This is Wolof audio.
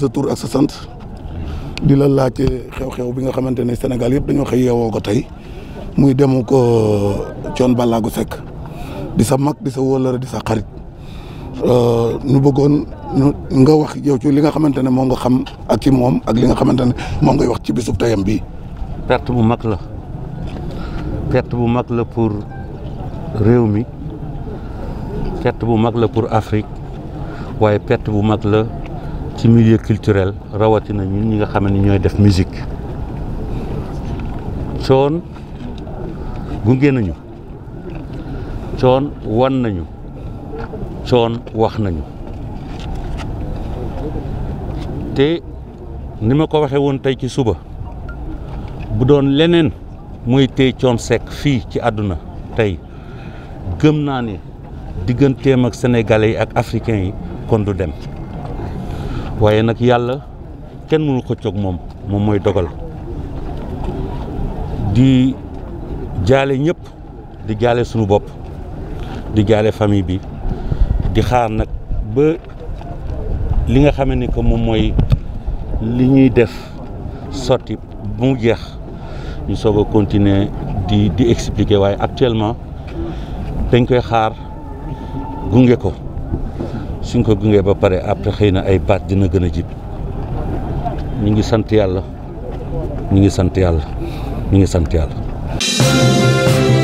sa tur ak sa sant di la laa laajte xew-xew bi nga xamante ne Sénégal yëpp dañoo xëy yeewoo ko tey muy demu ko euh, Thione Ballago Seck di sa mag di sa wóolare di sa xarit euh, nu bëggoon ñu nga wax yow ci li nga xamante ne moom nga xam ak ci moom ak li nga xamante ne moom ngay wax ci bisub tayam bii. perte bu mag la perte bu mag la pour réew mi perte bu mag la pour Afrique waaye perte bu mag la. ci milieu culturel rawatina ñun ñi nga xam ne ñooy def musique coon gunge nañu coon wan nañu coon wax nañu te ni ma ko waxee woon tey ci suba bu doon leneen mooy tey coon sekk fii ci àdduna tey gëm naa ni digganteem ak sénégalais yi ak africain yi kon du dem waaye nag yàlla kenn mënu xëccoog moom moom mooy dogal di jaale ñëpp di jaale suñu bopp di jaale famille bi di xaar nag ba li nga xamee ni que moom mooy li ñuy def sotti bu mu jeex ñu soog a continuer di di expliquer waaye actuellement dañ koy xaar gunge ko suñ ko gungee ba pare après xëy na ay baat dina gën a jib ñu ngi sant yàlla ñu ngi sant yàlla ñu ngi sant yàlla